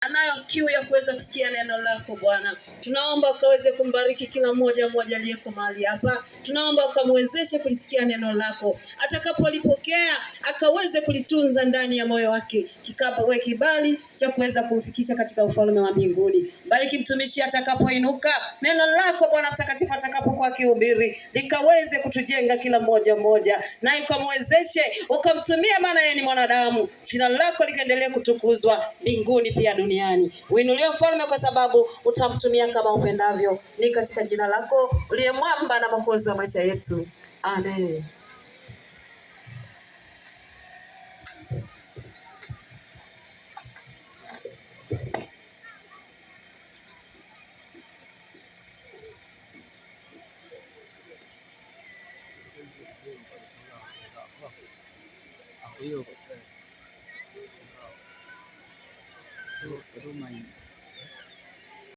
anayo kiu ya kuweza kusikia neno lako Bwana. Tunaomba ukaweze kumbariki kila mmoja mmoja aliyeko mahali hapa, tunaomba ukamwezeshe kulisikia neno lako, atakapolipokea akaweze kulitunza ndani ya moyo wake, kikawe kibali cha kuweza kumfikisha katika ufalme wa mbinguni. Bariki mtumishi atakapoinuka, neno lako Bwana mtakatifu atakapokuwa kihubiri, likaweze kutujenga kila mmoja mmoja, na ukamwezeshe ukamtumia, maana yeye ni mwanadamu. Jina lako likaendelee kutukuzwa mbinguni pia dunia duniani. Uinuliwe ufalme kwa sababu utamtumia kama upendavyo. Ni katika jina lako uliye mwamba na mwokozi wa maisha yetu, amen. 我都满意。